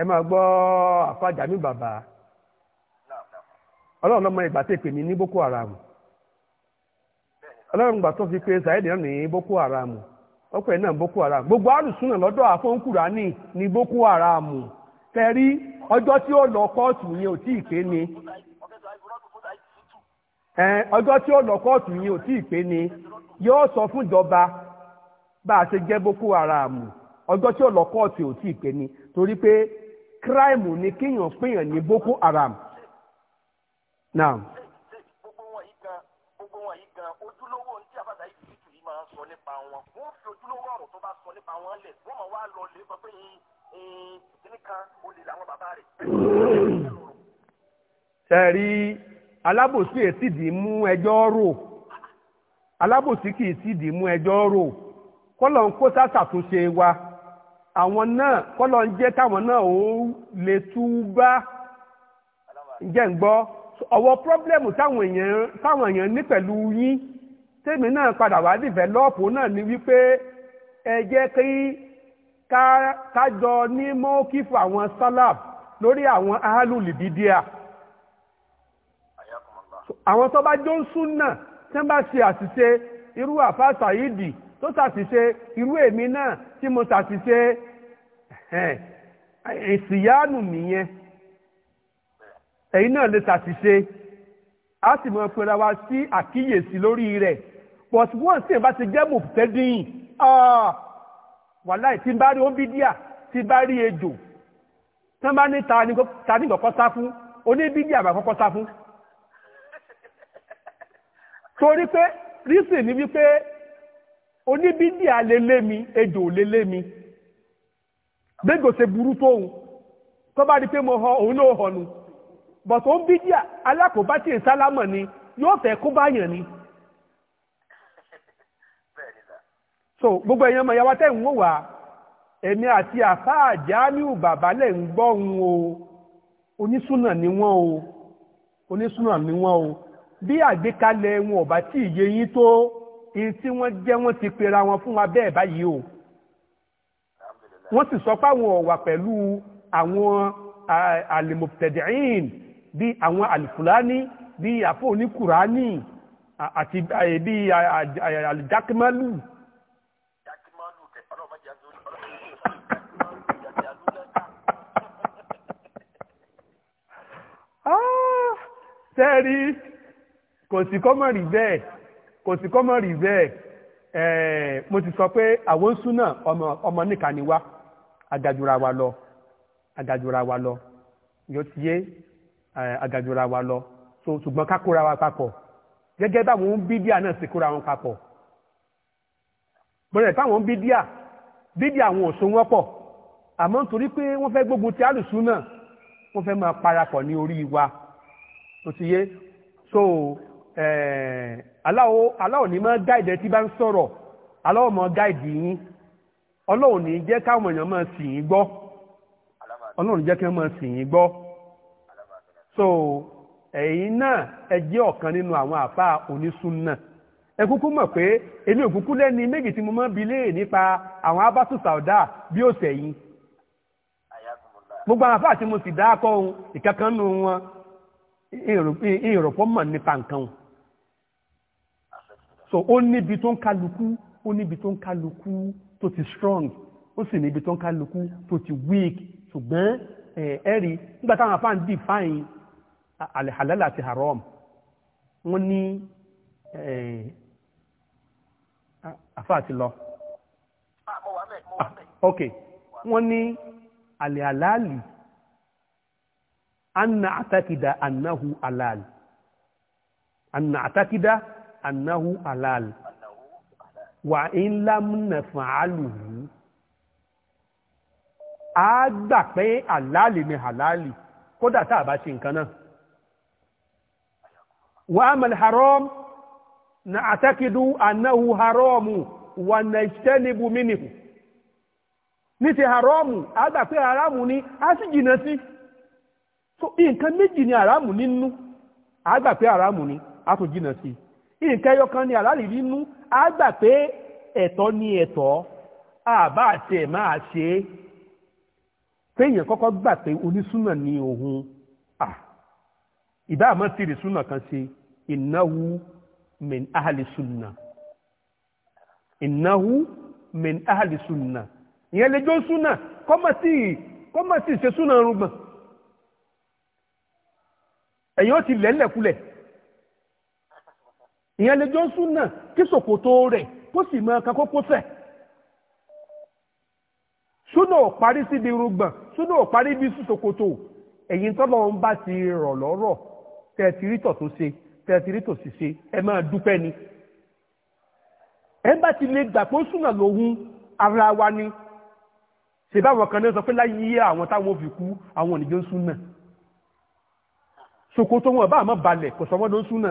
ẹ máa gbọ́ àfàjà mi bàbá ọlọ́run lọ́mọ ìgbà tó pè mí ní boko haram ọlọ́run gbà tó fi pe sàyẹ́dì náà ní boko haram ọ̀pọ̀ náà boko haram gbogbo àrùsùn náà lọ́dọ̀ àfọ̀nkùránì ní boko haram ọjọ́ tí ó lọ kóòtù yẹn ò tí ì pé ni ọjọ́ tí ó sọ fún ìjọba bá haram ọjọ́ tí ó lọ kóòtù torí pé kíráìmù ni kéèyàn péyàn ní Boko Haram. Now. gbogbo wọn yìí gan gbogbo wọn yìí gan ojúlówó ní tí abàtà yìí ti alábòsí èsì mú ẹjọ́ rò alábòsí kì í dì mú ẹjọ́ rò kọ́lọ̀ ń kó sásàtúnṣe wa àwọn náà kọ́lọ̀ ń jẹ́ káwọn náà ó lè túbá ǹjẹ́ ń gbọ́ ọ̀wọ́ pírọ́blẹ́mù táwọn èèyàn ní pẹ̀lú yín tèmi náà padà wá dìvẹ́lọ́ọ̀pù náà ni wípé ẹ jẹ́ kí kájọ ní mọ́kífù àwọn sálàb lórí àwọn ahálùlìdídíà àwọn tó bá jó ń sún náà tí wọ́n bá ṣe àṣìṣe irú àfáà sàyídì tó ṣàṣìṣe irú èmi náà tí mo ṣàṣìṣe ìsìyánu nìyẹn ẹ̀yin náà lè ṣàṣìṣe a sì mọ̀ pera wa sí àkíyèsí lórí rẹ̀ but once tí n bá ti jẹ́ mùtẹ́dín ah, wàláì tí n bá rí oníbídíà tí n bá rí ejò tán bá ní ta ní kọ́kọ́ sá fún oníbídíà bá kọ́kọ́ sá fún torí pé rísì ní wípé oníbídíà mi ejò lélémi gbégò ṣe burú tóun tó bá di pé mo họ òun náà họnu bọ̀tò ń bídíà alákòóbá tí ì ni yóò fẹ́ kó báyàn ni. so gbogbo èèyàn mọ̀ yàwá tẹ́ ń wò wá èmi àti àfáà bàbá o onísùnà ni wọ́n o onísùnà ni wọ́n o bí àgbékalẹ̀ wọn ò bá tí ì yé in tí wọ́n jẹ́ wọ́n ti pera wọn fún wa bẹ́ẹ̀ báyìí o wọ́n sì sọ pé àwọn ọ̀wà pẹ̀lú àwọn alimọ̀tẹ̀dẹ̀ẹ́yìn bíi àwọn alifulani bíi àfọ oníkùránì àti bíi alijakimalu. sẹ́ẹ̀rí ah, kò sí kọ́mọ̀rì bẹ́ẹ̀ kò sí kọ́ mọ̀ rí bẹ́ẹ̀ ẹ̀ẹ́ eh, mo ti sọ pé àwọn súnà ọmọ nìkan ni wá agajura wa lọ agajura wa lọ yóò ti yé eh, agajura wa lọ so ṣùgbọ́n ká kóra wa papọ̀ gẹ́gẹ́ báwọn bídíà náà sì kóra wọn papọ̀ bọ́lẹ̀ táwọn bídíà bídíà àwọn ò so wọ́n pọ̀ àmọ́ nítorí pé wọ́n fẹ́ gbógun ti àlùsùn náà wọ́n fẹ́ máa parapọ̀ ní orí wa tó ti yé so Eh, aláwọ̀ ní máa gáìdì tí bá ń sọ̀rọ̀ aláwọ̀ máa gáìdì yín ọlọ́run ní jẹ́ káwọn èèyàn máa sì yín gbọ́ ọlọ́run jẹ́ kí máa sì yín gbọ́ so ẹ̀yin náà ẹ jẹ́ ọ̀kan nínú àwọn àfa onísùnnà ẹ kúkú mọ̀ pé èmi ò kúkú lẹ́ni méjì tí mo máa bi léè nípa àwọn abásù sàwọ́dà bí ó sẹ̀yìn gbogbo àwọn àfa àti mo sì dá akọ́ ìkankan nù wọn ìrọ̀pọ̀ mọ̀ nípa nǹkan wọn. so ó níbi tó ń kálukú ó níbi tó ń kálukú tó ti strong ó sì níbi tó ń kálukú tó ti weak ṣùgbọ́n ẹ̀rí nígbà táwọn afá ń define alhalal àti haram wọ́n ní afá àti lọ. Ah, ah, ok wọ́n ní alhalali anna atakida annahu halal anna atakida annahu halal wà ń lámúnà fún àlùhù a gbà pé àlàálì ni àlàálì kódà tá a bá ṣe nǹkan náà wà á haram na àtẹ́kìdú annahu haramu wà nà ìṣẹ́nibu mínìkù ní ti Haram a gbà pé haramu ni a sì jìnà sí so nǹkan méjì ni haramu nínú a gbà pé haramu ni a tún jìnà sí nǹkan ẹyọkan ni àlálìrí nú á gbà pé ẹ̀tọ́ ni ẹ̀tọ́ àbá àti ẹ̀ máa ṣe é téèyàn kọ́kọ́ gbà pé onísúnà ni òun à ìbá àmọ́ ti rí súnà kan ṣe ìnáwó min ahali sunna ìnáwó min ahali sunna ìyẹn lè jó súnà kọ́mọ̀ sí ṣe súnà rúgbọ̀n ẹ̀yìn ó ti lẹ́lẹ̀kulẹ̀ ìyẹn lè jọ súnà kí ṣòkòtò rẹ̀ kó sì mọ ẹ̀ka kókó fẹ̀ súnà ò parí síbi irùngbọ̀n súnà ò parí bí ṣòkòtò ẹ̀yin tọ́lọ́ ń bá ti rọ̀ lọ́rọ̀ tẹ̀tìrítọ̀ tó ṣe tẹ̀tìrítọ̀ sì ṣe ẹ máa dúpẹ́ ni ẹ bá ti lè gbà pé súnà lòun ara wa ni ṣèbáwọn kan náà sọ pé láyé àwọn táwọn fi kú àwọn ònìjọ́ súnà ṣòkòtò wọn bá àmọ́ balẹ̀ kò sọ wọ́n ló ń súnà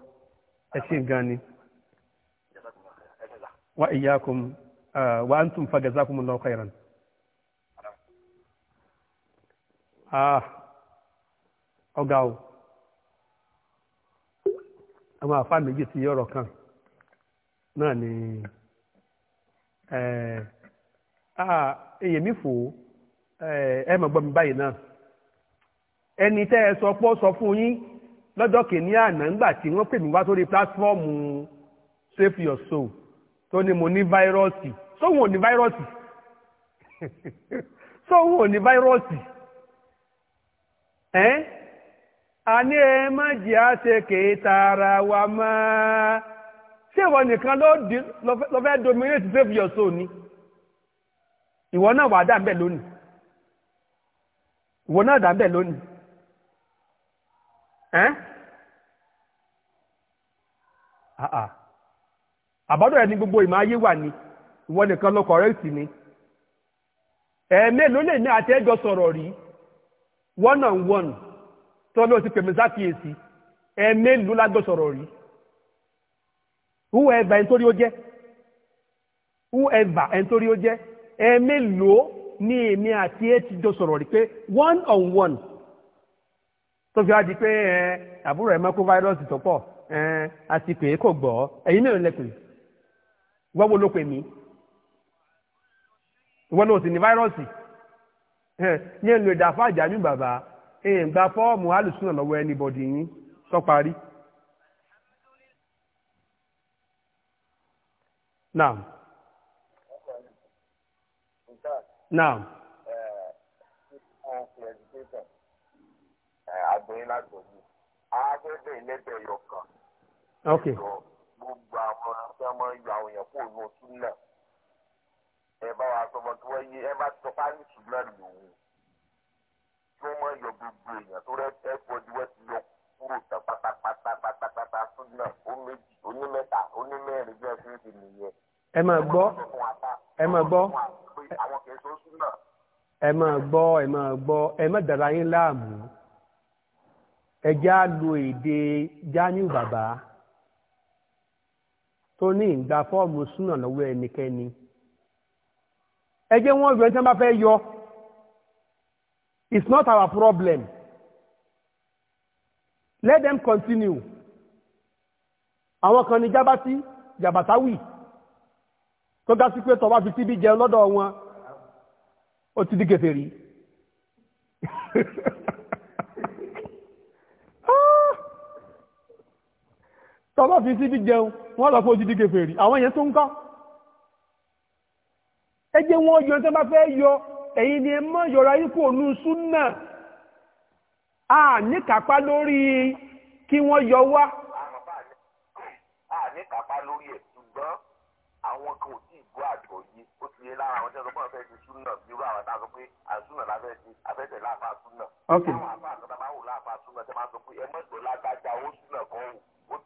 ẹ ṣe gan ni wa iyyakum uh, wa antum fa jazakumullahu khairan. Ah, ọ̀gá o àwọn àfa méjì ti yọ̀rọ̀ kan náà ni èyèmí eh, ah, fò eh, ẹ ẹni tẹ́ ẹ sọ pọ́ sọ fún yín. lọ́jọ́ kìíní àná ńgbà tí wọ́n pè mí wá sórí pílátífọ́ọ̀mù save your soul tó ní mo ní fáírọ́ọ̀sì sóhun ò ní fáírọ́ọ̀sì sóhun ò ní fáírọ́ọ̀sì ẹ́ a ní ẹ má jẹ́ tara wa máa ṣé ìwọ nìkan ló fẹ́ dominate save your soul ni ìwọ náà wà dà dà bẹ́ẹ̀ lónìí. ẹ́ ah, ah. àbádọ́ ẹni gbogbo ìmọ̀ ayé wà ní ìwọ nìkan ló kọ̀rẹ́ẹ̀tì ni ẹ̀ẹ́mẹ́ ló lè ní àtẹ́jọ́ sọ̀rọ̀ rí one on one tó ló ti pèmí sáfìyèsí ẹ̀ẹ́mẹ́ ló lájọ́ sọ̀rọ̀ rí whoever ẹni torí ó jẹ́ whoever ẹni torí ó jẹ́ ẹ̀ẹ́mẹ́ ló ní èmi àti ti sọ̀rọ̀ rí pé one on one. tó fi wá di pé ẹ àbúrò ẹ mọ́kó fáírọ́ọ̀sì tó pọ̀ ẹ àti é kò gbọ́ ẹ̀yin mẹ́rin lẹ́pẹ̀ wọ́n wo ló pè mí wọ́n ló sì ní fáírọ́ọ̀sì ní èlò ìdàfọ́ àjàmí bàbá èèyàn gba fọ́ọ̀mù alùsùnà lọ́wọ́ ẹnibọ̀dì yín sọ parí. Naam. Naam. fún láti òbí agbẹ́bẹ̀ ẹlẹ́bẹ̀ yọ kan. ok gbogbo àwọn tí wọn máa àwọn èèyàn kúrò ní oṣù náà ẹ bá wa sọmọ tí wọn yé ẹ bá sọ pálí ṣùgbọ́n lòun tí wọn yọ gbogbo èèyàn tó rẹ ẹ bọjú wọn ti yọ kúrò tán pátápátápátápátá ṣùgbọ́n náà ó méjì onímẹ́ta onímẹ́rin bí ẹ ti nìyẹn. ẹ máa gbọ́ ẹ máa gbọ́ ẹ máa gbọ́ ẹ máa gbọ́ ẹ má dàra yín láàmú ẹjẹ́ á lo èdè jamiu bàbá tó ní ìgbà fọ́ọ̀mù súnà lọ́wọ́ ẹnikẹ́ni ẹjẹ́ wọ́n yọ ẹni tí wọ́n bá fẹ́ yọ it's not our problem let them continue àwọn kan ní jábátí jàbátáwì tó dá sí pé tọba fi tíbi jẹun lọ́dọ̀ wọn ó ti di kèfèrí tọ́bọ̀ fi sí jíjẹun wọ́n lọ fún òjìdí kèfèrí àwọn yẹn tó ń kọ́ ẹjẹ́ wọn yọ tó bá fẹ́ yọ ẹ̀yin ni ẹ mọ́ yọra ikú ònú súnà a ní kápá lórí kí wọ́n yọ wá. a ní kápá lórí ẹ̀ ṣùgbọ́n àwọn kan ò tí ì gbọ́ àjọ yìí ó ti yé lára àwọn tí wọ́n fẹ́ di a sọ pé àsúnà la fẹ́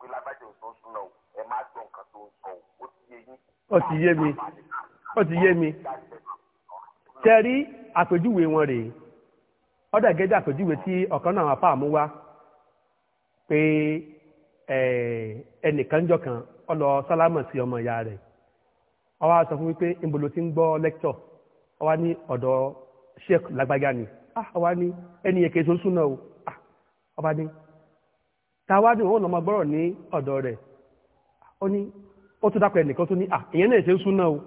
pé lágbájá ò tó ń súná o ẹ má gbọ́ nǹkan tó ń sọ o ó ti yé yín. ó ti yé mi ó ti yé mi tẹ́rí àpèjúwe wọn rèé ọ̀dà gẹ́gẹ́ àpèjúwe tí ọ̀kan náà apá àmú wá pé ẹnìkan jọ kan ó lọ sálámà sí ọmọ ìyá rẹ̀ ó wá sọ fún mi pé ìbòlò ti ń gbọ́ lẹ́kítọ̀ ó wá ní ọ̀dọ̀ sheikh lágbájá ni ah, ó wá ní ẹni yẹn kì í so súnà o ah, ó ní tàwádìí òun ọmọ gbọ́rọ̀ ní ọ̀dọ̀ rẹ̀ ó ní ó tún dápẹ́ ẹnìkan tó ní à ìyẹn náà ṣe ń súná o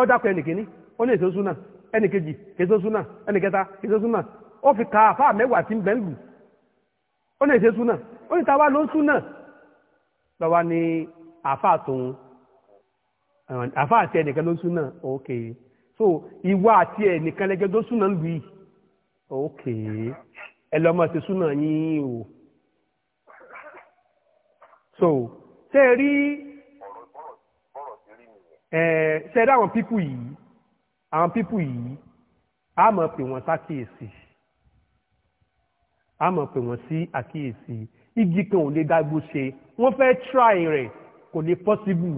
ó dápẹ́ ẹnìkíní ó ní èso ń súná ẹnìkejì èso ń súná ẹnìkẹta èso ń súná ó fi ka àfáà mẹ́wàá tí ń bẹ́ lù ó ní èso ó ní tàwa ló ń lọ́wọ́ ní àfáà tòun àfáà àti ẹnìkan ló ń súná so ìwà àti ẹnìkan lẹ́gẹ́ tó súná lù yìí ok ẹ lọ́mọ ti súná yín so ṣe rí ṣe rí àwọn pípù yìí àwọn pípù yìí a mọ̀ pé wọ́n sákìyèsí a mọ̀ pé wọ́n sí àkíyèsí igi kan ò lè dágbó ṣe wọ́n fẹ́ try rẹ̀ kò lè possible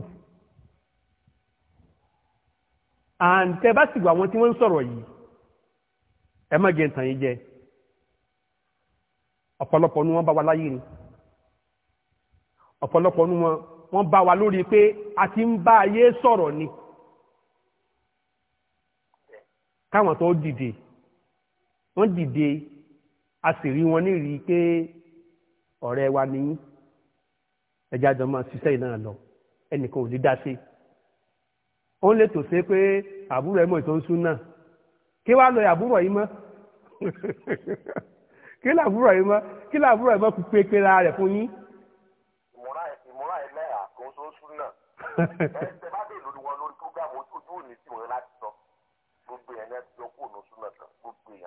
and tẹ bá sì gbọ́ àwọn tí wọ́n ń sọ̀rọ̀ yìí ẹ má jẹ́ ntàn yín jẹ ọ̀pọ̀lọpọ̀ ni wọ́n bá wa láyé ni ọ̀pọ̀lọpọ̀ nu wọn wọ́n bá wa lórí pé a ti ń bá ayé sọ̀rọ̀ ni káwọn tó dìde wọ́n dìde a sì rí wọn nírìí pé ọ̀rẹ́ wa nìyí ẹja jọ máa ṣiṣẹ́ ìnáà lọ ẹnìkan ò ní dá sí ó lè tò sí pé àbúrò ẹ̀ mọ̀ ń sún náà kí wàá lọ àbúrò yìí mọ́ kí làbúrò yìí mọ́ kí làbúrò yìí mọ́ pépé ra rẹ̀ fún yín. náà ẹni tẹ bá bèèrè lórí wọn lórí programu ojú sọ gbogbo yẹn náà yọ kó ònà súnà tán gbogbo yẹn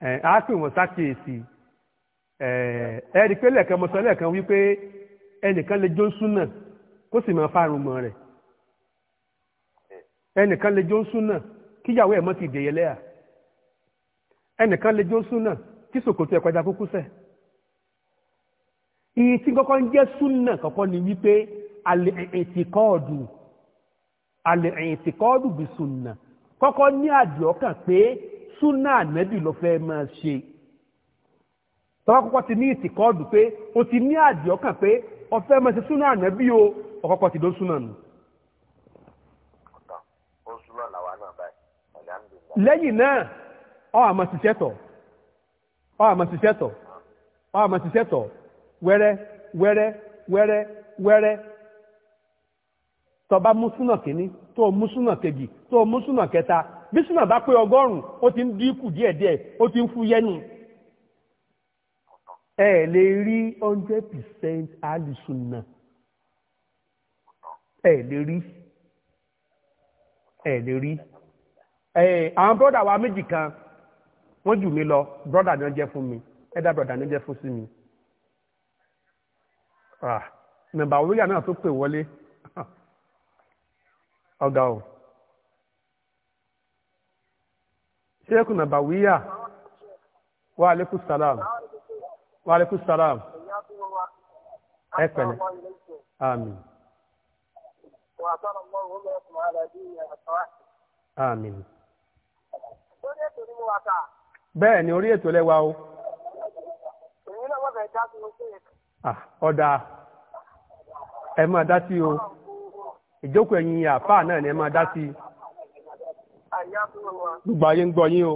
ẹ á pè wọn sákèésì ẹ ẹ rí i pé lẹ́ẹ̀kan mo sọ wípé ẹnìkan lè jó súnà kó sì máa fárun mọ rẹ̀ ẹnìkan lè jó súnà kíyàwó ẹ̀ ti dèyẹ ẹnìkan lè jó súnà sòkòtò ẹ̀ kọjá kúkú iye tí ń súnà ni wípé àlẹ̀ẹ̀tìkọ́ọ̀dù àlẹ̀ẹ̀tìkọ́ọ̀dù bí sunna kọ́kọ́ ní àdìọ́kàn pé sunna ànábì ló fẹ́ máa ṣe tọ́wọ́ kọ́kọ́ ti ní ìtìkọ́ọ̀dù pé o ti ní àdìọ́kàn pé ó fẹ́ máa ṣe sunna ànábì o ọkọ̀kọ́ ti dó sunna nù. lẹ́yìn náà ọ àmọ̀ ṣiṣẹ́ tọ̀ ọ àmọ̀ ṣiṣẹ́ tọ̀ ọ àmọ̀ ṣiṣẹ́ tọ̀ wẹ́rẹ́ wẹ́rẹ́ wẹ́rẹ́ wẹ́rẹ́ tó bá mú súnà kìíní tó mú súnà kejì tó mú súnà kẹta bí bá pé ọgọ́rùn ó ti ń dínkù díẹ̀díẹ̀ ó ti ń fúyẹ́nu ẹ lè rí hundred percent alùsùnà ẹ lè rí ẹ lè rí ẹ àwọn bọ́dà wa méjì kan wọ́n jù mí lọ bọ́dà ni wọ́n jẹ́ fún mi ẹ̀dá bọ́dà ni wọ́n jẹ́ fún sí mi. Ah, nọ́mbà wíyà náà tó pè wọlé ọ̀gá o na nàbàwíyà wa aleykum salam wa aleykum salam bẹ́ẹ̀ ni orí ètò lẹ́wà o. èyí náà wọ́n fẹ́ dá sí ọ̀dà ẹ̀ máa sí o. ìjókòó ẹ̀yin àfáà náà ni ẹ máa dá sí i. gbogbo ayé ń gbọ́ yín o.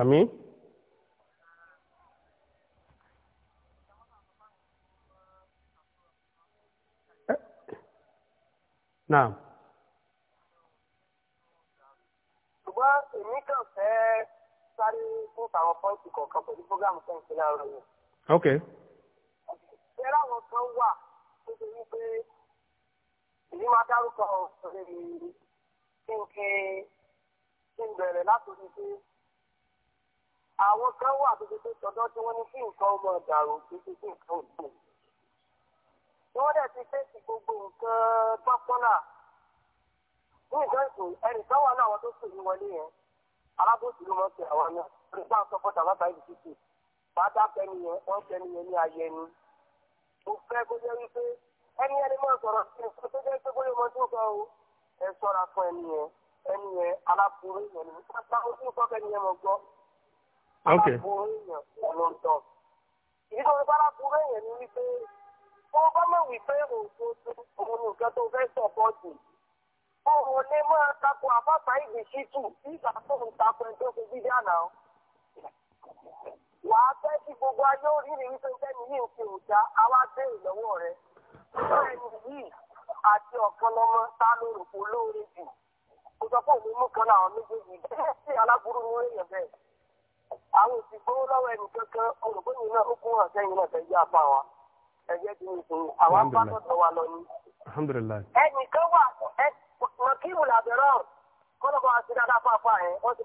àmín. náà. ṣùgbọ́n èmi kàn fẹ́ sáré fún àwọn pọ́ǹtì kọ̀ọ̀kan pẹ̀lú fúgàmù fẹ́ǹsì láàárọ̀ yẹn. ṣe láwọn kan wà tó ṣe wípé èyí máa dárúkọ ọ̀rẹ́ mi kí n bẹ̀rẹ̀ pé àwọn kan wà tó ṣe pé sọdọ́ tí wọ́n ní kí nǹkan ọmọ dàrú kí ṣe kí nǹkan wọ́n ti fèsì gbogbo nǹkan gbọ́pọ́nà ní nǹkan ẹnì kan wà náà àwọn tó sì wọlé yẹn alábòsí ló mọ̀ sí àwọn náà nípa sọ́kọ́ tàbátà ìdíje bá dákẹ́ nìyẹn ó fẹ́ kó jẹ́ wípé ẹni ẹni máa sọ̀rọ̀ sí nǹkan tó jẹ́ pé bóyá ọmọ tó sọ o ẹ sọ̀ra fún ẹni yẹn ẹni yẹn aláburú yẹn ni nípa ohun tí nǹkan ẹni yẹn mọ̀ gbọ́ aláburú yẹn ló ń tọ̀. ìdí tó ń bá aláburú yẹn ni wípé tó bá mọ̀ wípé òun tó òun nìkan tó fẹ́ sọ̀pọ̀tì òun lè máa takò àfáfá ìgbésí tù nígbà tó ń takò ẹgbẹ́ òkú bídíà náà. wà á fẹ́ kí gbogbo ayé ó rí tó jẹ́ nìyí ń fi òjá àwa dé ìlọ́wọ́ rẹ̀ bẹ́ẹ̀ni yìí àti ọ̀pọ̀lọmọ tá ló kan láwọn méjèèjì bẹ́ẹ̀ sí aláburú ní èèyàn bẹ́ẹ̀ àwọn òsì gbówó lọ́wọ́ kankan olùgbóyin náà ó kún ọ̀sẹ̀ náà apá wa ẹ̀jẹ̀ ti ń sìn wa lọ ni. ẹnìkan wà ẹ àti dáadáa yẹn wọ́n ti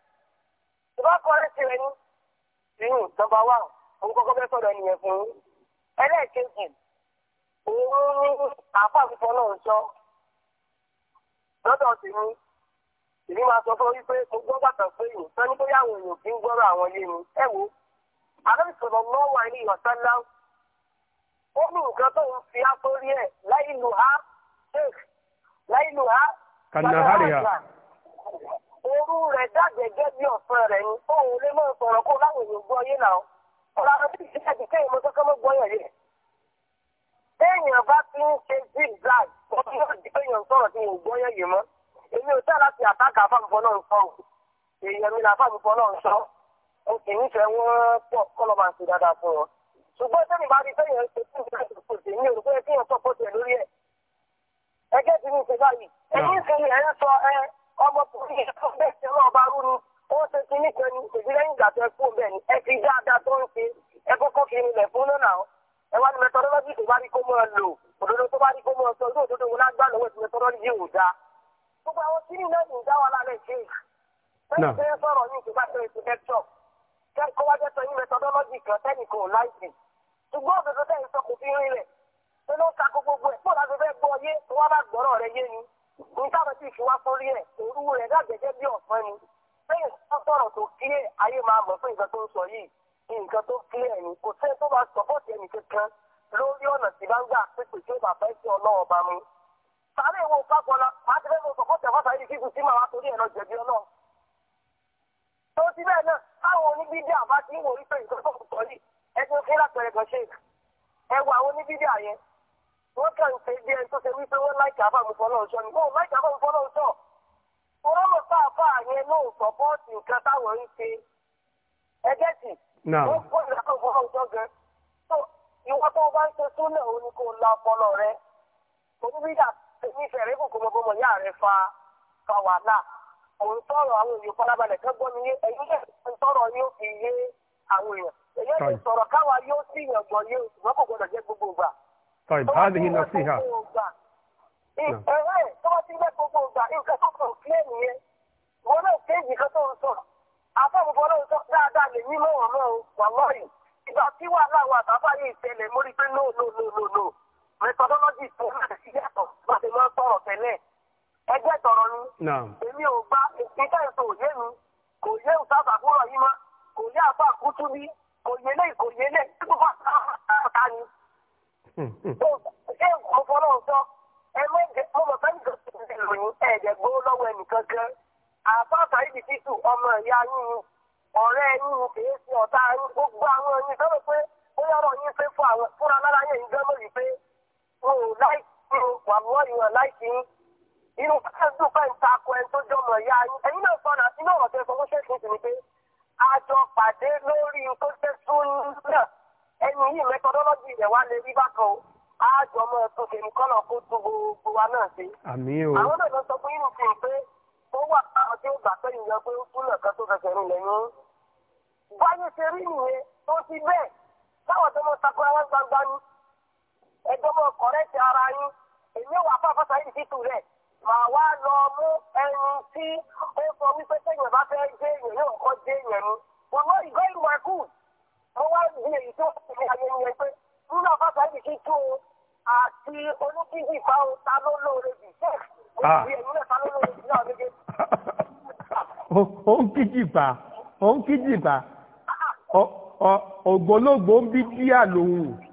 ìbá kọrin tirẹ̀ ní inú nọ́mbà wà òun kọ́kọ́ fẹ́ sọ̀rọ̀ ẹnìyẹn fún yín ẹlẹ́ẹ̀kejì òun ní àáfàá fífọ́ náà ń sọ lọ́dọ̀ tèmi èmi máa bàtà pé yìí sọ ní bóyá àwọn èèyàn kì í gbọ́rọ̀ àwọn ilé mi ẹ wo àlọ́bí sọ̀rọ̀ fi ẹ̀ láì lù á láì lù orú rẹ̀ jáde gẹ́gẹ́ bí ọ̀sán rẹ̀ ni òun lè máa sọ̀rọ̀ kó láwọn èèyàn gbọ́ yé náà ọ̀rọ̀ àwọn tí ìṣẹ́ àti téèyàn bá ti ń ṣe zigzag ọdún yóò di èèyàn sọ̀rọ̀ tí èèyàn gbọ́ yẹ̀ mọ́ èmi ò tẹ́ láti àtàkà náà ń sọ èèyàn mi là náà ń sọ ṣe ẹ̀ ọmọkùnrin yìí tó bẹ́ẹ̀ ṣe náà bá rú ni ó ṣe ti níkan ni èdè lẹ́yìn ìgbà tó ẹ fún bẹ́ẹ̀ ni ẹ ti dáadáa tó ń ṣe ẹ kọ́kọ́ fi ilẹ̀ fún lọ́nà ẹ wá ní mẹtọrọlọ́jì tó bá rí kó mọ́ ọ lò òdodo tó bá rí kó mọ́ ọ sọ ojú òdodo wọn lágbá lọ́wọ́ ti ní tí ìfi ẹ̀ òru rẹ̀ dàgẹ́gẹ́ bí ọ̀sán ni lẹ́yìn tó sọ̀rọ̀ tó ayé máa mọ̀ fún nǹkan tó ń sọ yìí nǹkan tó kílẹ̀ ni kò sẹ́ni tó máa sọ̀pọ̀tì ẹnì kankan lórí ọ̀nà tí bá ń gbà pépè tí ó bá fẹ́ sí ọlọ́wọ́ bá sáré máa ti fẹ́ yìí màá torí jẹ̀bi ọlọ́run. tó ti bẹ́ẹ̀ náà wọ́n kà ń ṣe bí ẹni tó ṣe wípé wọ́n láìka àfàmù fọlọ́ ọ̀ṣọ́ ni wọ́n láìka àfàmù fọlọ́ ọ̀ṣọ́ wọ́n mọ̀ fún àfa yẹn náà sọ́pọ́ọ̀tì nǹkan táwọn ń ṣe ẹgẹ́ tì wọ́n kó ìlànà fọlọ́ ọ̀ṣọ́ gan tó ìwọ tó bá ń ṣe súnlẹ̀ la ọpọlọ rẹ fa fa طيب هذه نصيحة نعم no ṣé mo fọlọ́ sọ ẹ mọ̀ fẹ́ nìkan tó ti lòyìn ẹ̀ẹ́dẹ̀ gbowó lọ́wọ́ ẹnìkan kan àfáàfà ibi títù ọmọ ìyá yín yín yín gbogbo àwọn pé ó yín pé fún àwọn fúnra lára yẹn láìsí wà láìsí inú takọ ẹni tó ìyá yín náà sínú sí ni pé àjọ pàdé lórí ẹnu yìí methodology rẹ̀ wá lè rí bákan o àjọ mọ́ ẹ̀tọ́ kìí kọ́nà kó tó gbogbo wa náà ṣe. àmín o. àwọn náà lọ sọ pé irú fi hàn pé ó wà táwọn tí ó gbà pé ìyẹn pé ó kúnlẹ̀ kan tó fẹsẹ̀ rìn O báyìí ṣe rí nìyẹn tó ti bẹ́ẹ̀ táwọn tó mọ sakura wọn gbangba ni ẹjọ́ mọ kọ̀rẹ́tì ara yín èmi wà fáfáfá yìí ti tù rẹ̀ màá wá lọ mú ẹni tí ó sọ wípé sẹ́yìn bá fẹ́ jẹ́ èèyàn yóò kọ́ jẹ́ èèyàn ni wọ́n lọ ìgọ́ ìrù wọ́n wá di èyí tó fi ayẹyẹ pé nínú àbáta yìí kí tó àti olùdíjì bá o ta ló lóore jù bẹ́ẹ̀ òbí ẹ̀mí rẹ̀ ta ó ń kíjì bá ó ń kíjì bá ah, ah. ògbólógbòó ń bí